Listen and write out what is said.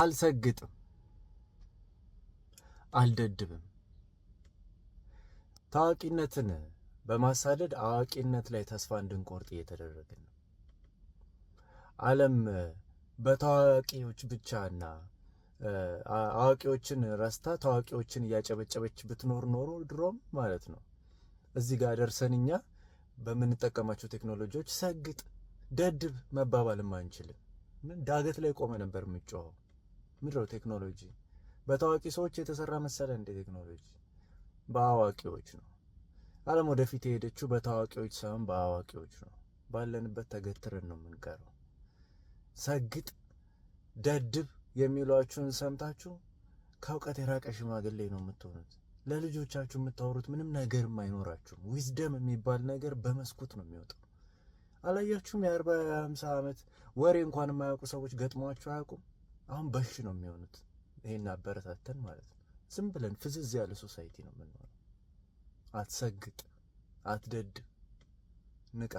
አልሰግጥም፣ አልደድብም። ታዋቂነትን በማሳደድ አዋቂነት ላይ ተስፋ እንድንቆርጥ እየተደረግን ነው። ዓለም በታዋቂዎች ብቻና አዋቂዎችን ረስታ ታዋቂዎችን እያጨበጨበች ብትኖር ኖሮ ድሮም ማለት ነው እዚህ ጋር ደርሰን እኛ በምንጠቀማቸው ቴክኖሎጂዎች ሰግጥ፣ ደድብ መባባልም አንችልም። ምን ዳገት ላይ ቆመ ነበር የምጮኸው። ምድረው ቴክኖሎጂ በታዋቂ ሰዎች የተሰራ መሰለ እንደ ቴክኖሎጂ በአዋቂዎች ነው። ዓለም ወደፊት የሄደችው በታዋቂዎች ሳይሆን በአዋቂዎች ነው። ባለንበት ተገትረን ነው የምንቀረው። ሰግጥ ደድብ የሚሏችሁን ሰምታችሁ ከእውቀት የራቀ ሽማግሌ ነው የምትሆኑት። ለልጆቻችሁ የምታወሩት ምንም ነገር አይኖራችሁም። ዊዝደም የሚባል ነገር በመስኮት ነው የሚወጣው። አላያችሁም? የአርባ ሃምሳ ዓመት ወሬ እንኳን የማያውቁ ሰዎች ገጥሟቸው አያውቁም። አሁን በሽ ነው የሚሆኑት። ይሄን አበረታተን ማለት ነው። ዝም ብለን ፍዝዝ ያለ ሶሳይቲ ነው የምንሆነው። አትሰግጥ፣ አትደድ፣ ንቃ።